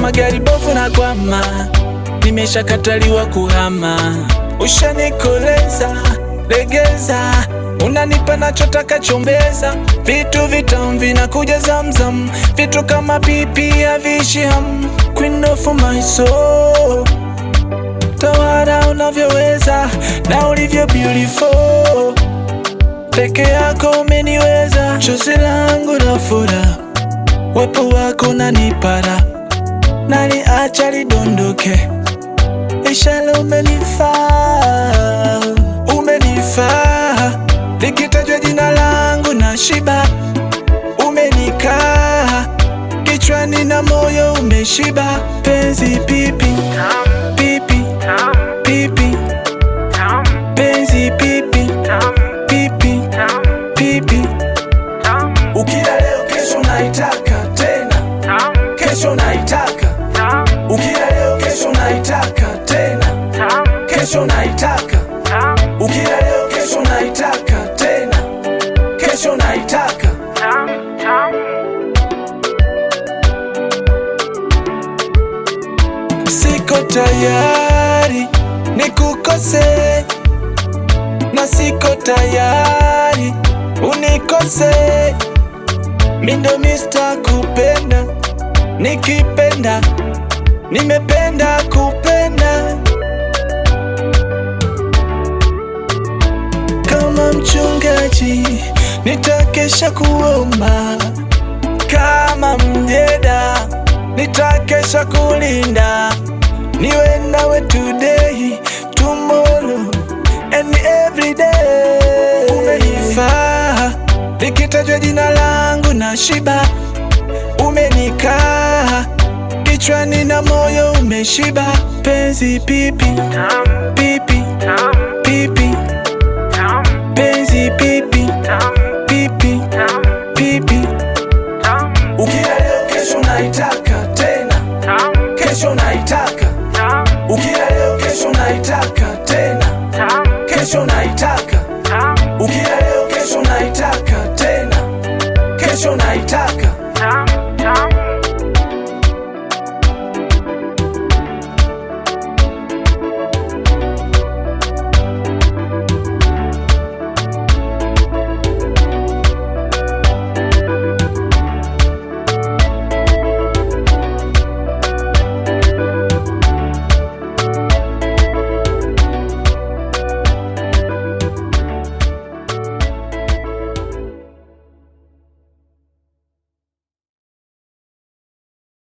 magari bovu na kwama, nimeshakataliwa kuhama. Ushanikoleza legeza, unanipa nachotaka chombeza, vitu vitamu vinakuja zamzam, vitu kama pipi haviishi ham. Queen of my soul, tawara unavyoweza na ulivyo beautiful, peke yako umeniweza, chozi langu la furaha, wepo wako unanipara naliacha lidondoke. Ishara umenifaa, umenifaa, likitajwa jina langu na shiba. Umenikaa kichwani na moyo umeshiba. Penzi pipi pipi pipi, penzi pipi pipi kesho naitaka, ukila leo kesho naitaka tena, kesho naitaka siko tayari nikukose na siko tayari unikose, mindo mista kupenda nikipenda nimependa kupenda kama mchungaji, nitakesha kuomba. Kama mjeda, nitakesha kulinda. Niwe nawe today, tomorrow and every day. Umenifaa likitajwa jina langu na shiba, umenikaa kichwani na moyo umeshiba. Penzi pipi pipi pipi Ukila leo kesho naitaka tena, kesho naitaka, ukila leo kesho naitaka tena, kesho naitaka, ukila leo kesho naitaka tena, kesho naitaka